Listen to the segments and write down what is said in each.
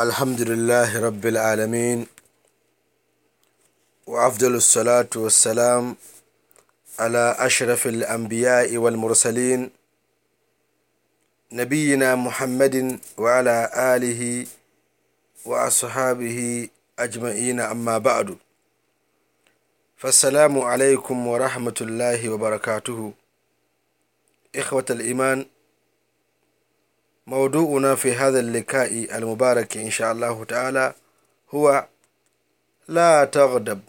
الحمد لله رب العالمين وأفضل الصلاة والسلام على أشرف الأنبياء والمرسلين نبينا محمد وعلى آله وأصحابه أجمعين أما بعد فالسلام عليكم ورحمة الله وبركاته إخوة الإيمان موضوعنا في هذا اللقاء المبارك إن شاء الله تعالى هو لا تغضب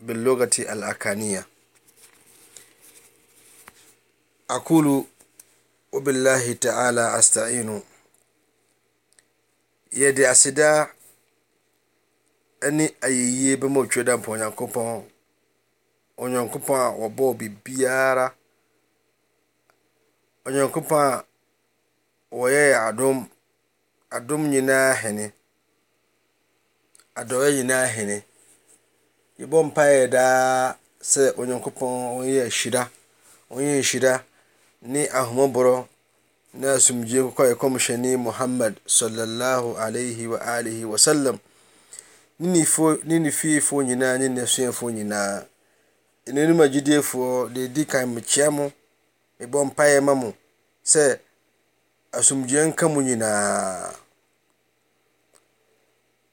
باللغة الأكانية أقول وبالله تعالى أستعين يدي aseda ne ayɛyie bɛma otwa da mpa onyankopɔn onyankopɔn a wɔbɔɔ biribiara onyankopɔn a wɔyɛ adom adom nyinaa hene adɔeɛ nyinaa hene yɛbɔ yɛ daa sɛ onyankopɔn ɔnyɛ hyira ɔnyɛ hyira ne ahomɔborɔ na asomdwee kɔkɔ yɛ kɔmhyɛne muhammad sallallahu alaihi wa alihi wa sallam ne ne fiefoɔ nyinaa ne n'asuafoɔ nyinaa ɛnanom agyidiefoɔ deɛ ɛdi kan mekyia mo mpa mpaeɛ ma mo sɛ asomdwoeɛ nka mu nyinaa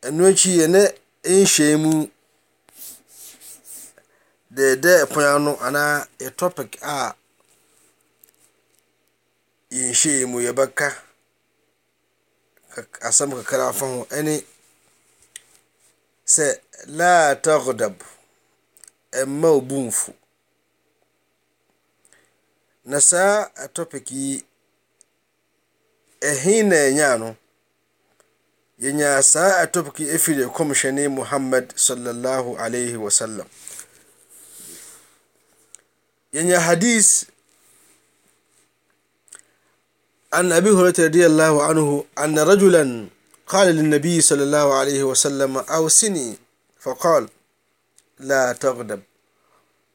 ɛno akyi yɛne nhyɛn mu dɛɛdɛ ɛpono ano anaa yɛ topic a yɛn hyɛn mu yɛbɛka asɛm kakra fa ho ɛne sɛ la taghdab ɛmma wo bo na saa topic yi ehi na-enye ano yɛnyaa saa atɔpiki ɛfiri kɔmhyɛne muhammad sallallahu alaihi wasallam yɛnya hadis عن أبي هريرة رضي الله عنه أن رجلا قال للنبي صلى الله عليه وسلم أوصني فقال لا تغضب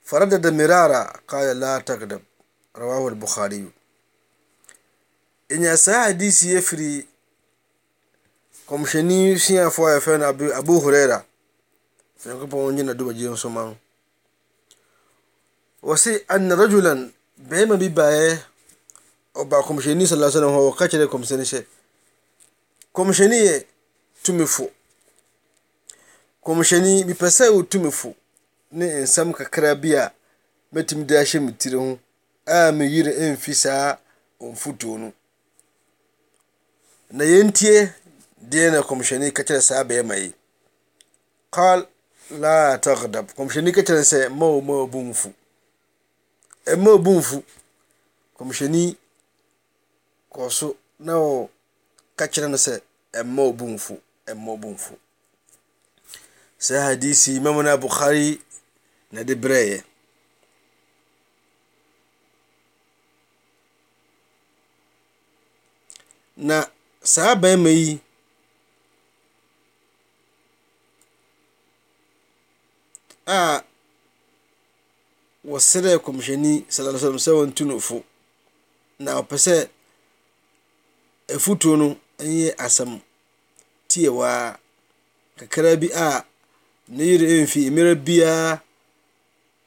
فردد مرارا قال لا تغضب رواه البخاري ɛnya saa hadisi yefiri kɔmhyɛni siafo ɛfɛno abu hurera nyankopɔ ɔyina dmagyiso ma wɔ si ana rajulan bɛɛma bi baɛ ɔba komyɛni saaa slm hɔ ɔka krɛ komɛni hyɛ kɔmyɛni yɛ tumifo kmyɛni mipɛ sɛ wo tumi fo ne nsam kakra bi a mɛtimidahyɛ me tiri ho ameyere fi saa fotono nayentie deɛna komshɛnikakyrɛsɛabɛɛmayi kal la tagedab kshnikaranasɛ abf ma bumfu kmshni kɔso na wɔ kakra nasɛ ma babmfu sɛ hadisi ma mana buhari na de berɛɛ saa barima yi a wɔsrɛɛ kɔmhyɛni sallallahu alaihi wasallam sɛ wɔntu no fo na ɔpɛ sɛ afutuo no nyɛ asɛm tiewaa kakra bi a ne yere mfi mmerɛ biara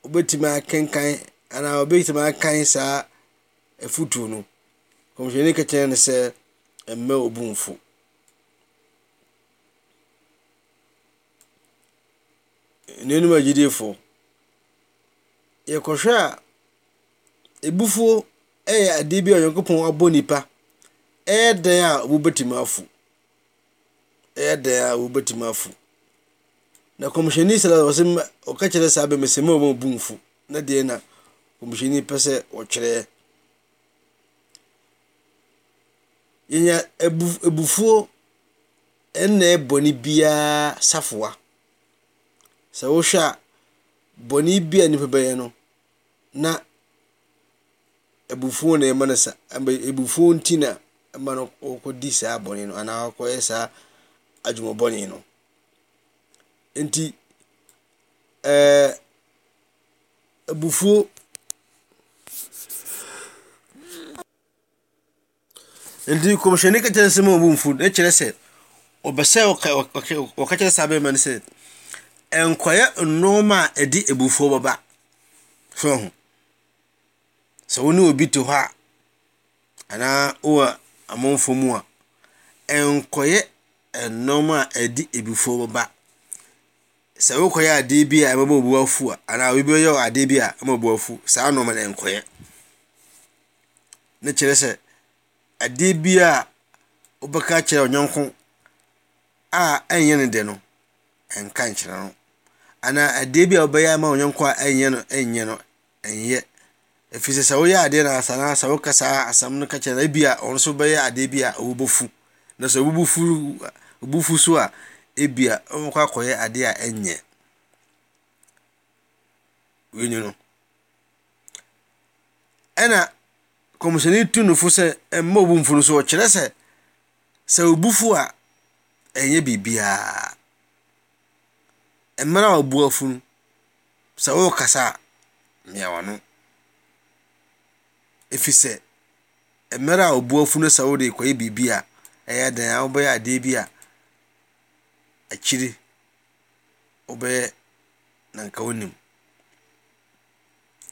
wɔbɛtumi akenkan anaa wɔbɛtumi akan saa afutuo no kɔmhyɛni ka kyerɛ no sɛ Mmaa obu mfu n'anim agyidifo yɛkɔhwɛ a ebufuo yɛ adeɛ bi a onyankopɔn abɔ nipa ɛyɛ dan a wɔbɛtumi afu ɛyɛ dan a wɔbɛtumi afu na kɔmhyɛni sɛlɛ ɔsɛ ɔka kyerɛ saa bɛmɛsɛmɛ a wɔn bu mfu na deɛ na kɔmhyɛni pɛ sɛ ɔkyerɛ yɛnya ebufuo abufuo ɛnna ɛbɔne biara safoa sɛ wohwɛ a bɔne bi a nipa bɛyɛ no na ebufuo na ɛma no sa eh, ebufuo nti na ɛma no di saa bɔne no anaa ɔkɔyɛ saa adwumabɔne no nti ɛɛ nti kɔmhyɛni ka kyerɛ nsɛm a ɔbu mfu ne kyerɛ sɛ ɔbɛsɛ ɔka kyerɛ saa bɛrima no sɛ ɛnkɔyɛ nnoɔma a ɛde abufuo bɛba so ho sɛ wo ne obi te hɔ a anaa wowɔ amanfo mu a ɛnkɔyɛ nnoɔma a ɛde abufuo bɛba sɛ wokɔyɛ adeɛ bi a ɛbɛbɔ obu afu a anaa obi bɛyɛ adeɛ bi a ɛma obu afu saa nnoɔma no ɛnkɔyɛ ne kyerɛ sɛ ade bi a wobɛka kyerɛ wo a ɛnyɛ no de no ɛnka nkyerɛ no anaa ade bi a wobɛyɛ ama wo a ɛnyɛ no ɛnyɛ no ɛnyɛ ɛfiri sɛ sɛ woyɛ adeɛ no asana sɛ woka saa asɛm no ka kyerɛ no ebi a ɔno nso bɛyɛ adeɛ bi a ɔwɔbɔfu na sɛ wobufu so a ebi a ɔmokɔ akɔyɛ adeɛ a ɛnyɛ wei no ɛna musɛne tunu fo sɛ mma obumfou s ɔkyerɛ sɛ sɛ wobu fu a ɛyɛ biribiaa merɛ a oboafun sɛ woɛka sa miɛ wɔno ɛfiri sɛ merɛ a oboafunu sɛ wodekɔyɛ biribi a ɛyɛ dena wobɛyɛ adeɛ bia akyiri wobɛyɛ nanka wonim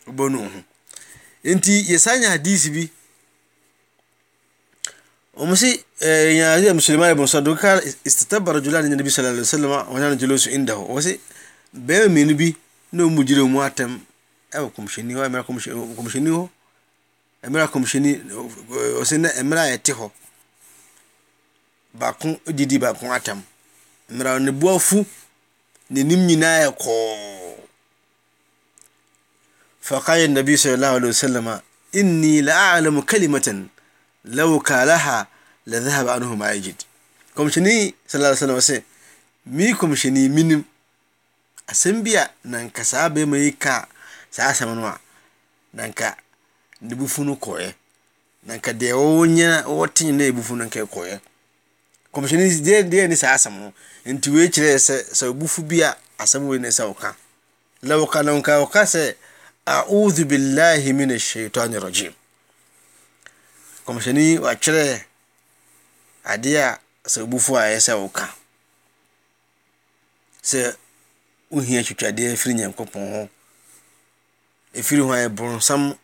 wobɛnuh nti yɛsan nya hadisi bi wɔn si ɛɛ eh, nyaade yɛ musulman yɛ bɔnsɔn do kaa istatabara jula ne nyanabi sallallahu alaihi wa sallam a wɔn yɛn jolo so inda hɔ wɔsi bɛrɛ mmienu bi na wɔn mu gyina mu atam ɛwɔ kɔmhyɛni hɔ ɛmɛra kɔmhyɛni hɔ ɛmɛra kɔmhyɛni wɔsi na ɛmɛra yɛ te hɔ baako didi baako atam mmerɛ ne boafu n'anim nyinaa yɛ kɔɔ. faƙayen da bisa yi kalimatan lauka laha da zai haɓa anuhu ma'a ijid kwamishini mi kwamishini minim a biya nan sa bai mai ka sa saman wa nan ka dubu funu koye da yawo wani watan yi na yi bufu nan ka yi koye kwamishini zai da yi nisa a saman in tuwe cire sai bufu biya a saman wani sauka lauka lauka sai aodhubilah min ashitan ragem kmhyɛne wɔakyerɛ adeɛa sɛ wobufo aɛ sɛ woka sɛ wohia twitwadeɛ firi nyankopɔn ho ɛfiri ho abosam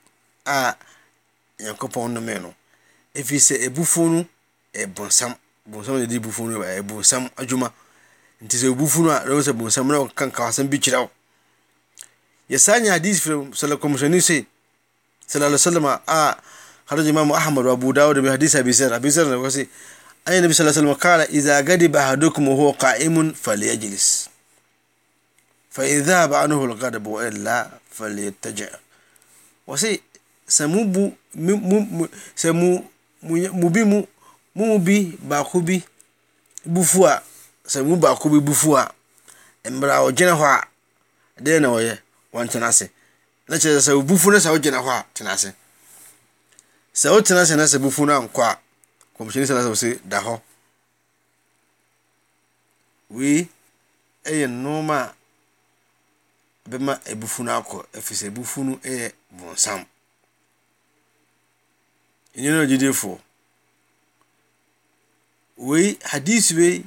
a nyankopɔn nome no firisɛ bufo no ɔbses awma ntisɛbuɛskasɛ bi kyerɛ يساني حديث في صلى الله عليه وسلم صلى الله عليه وسلم خرج الإمام أحمد وأبو داود حديث أبي سر أبي سر أي النبي صلى الله عليه وسلم قال إذا غضب أحدكم وهو قائم فليجلس فإن ذهب عنه الغضب وإلا فليتجع وسي سمو سمو mubi mu mu bi baako bi bufu a sɛ mu baako bi bufu a mmerɛ a ɔgyina hɔ a dɛn na ɔyɛ wkenase nakyɛsɛbufu no sɛ wogyina hɔ a enase sɛ wotena senasɛ buno ankɔ ahyanisɛss da hɔ wei yɛ nnoma a bɛma bufuno akɔ firi sɛ bufuno yɛ bonsam anu gyidifo ei adesei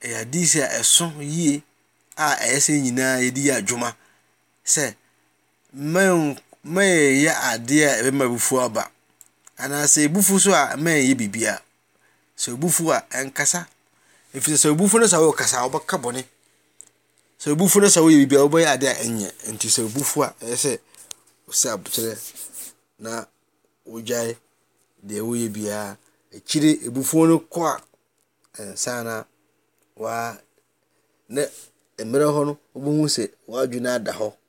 ɛades a ɛso yie a ɛyɛ sɛ yinaa yɛdeyɛ adwuma sɛ mɛyɛyɛ adeɛa bɛma bufu aba anaasɛ bufu so a maɛyɛ bibia sɛbufa kasa fisɛsɛ buf nosɛ wɛkasa wɔɛka bɔn sbs ɛwɛɛdeɛyɛɛɛɛɛa wa eɛ wyɛ biaa kyi bufuno kɔ a sanamerɛ hɔ n wobohu sɛ wadwuna ada hɔ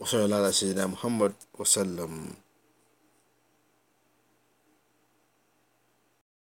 وصلى الله على سيدنا محمد وسلم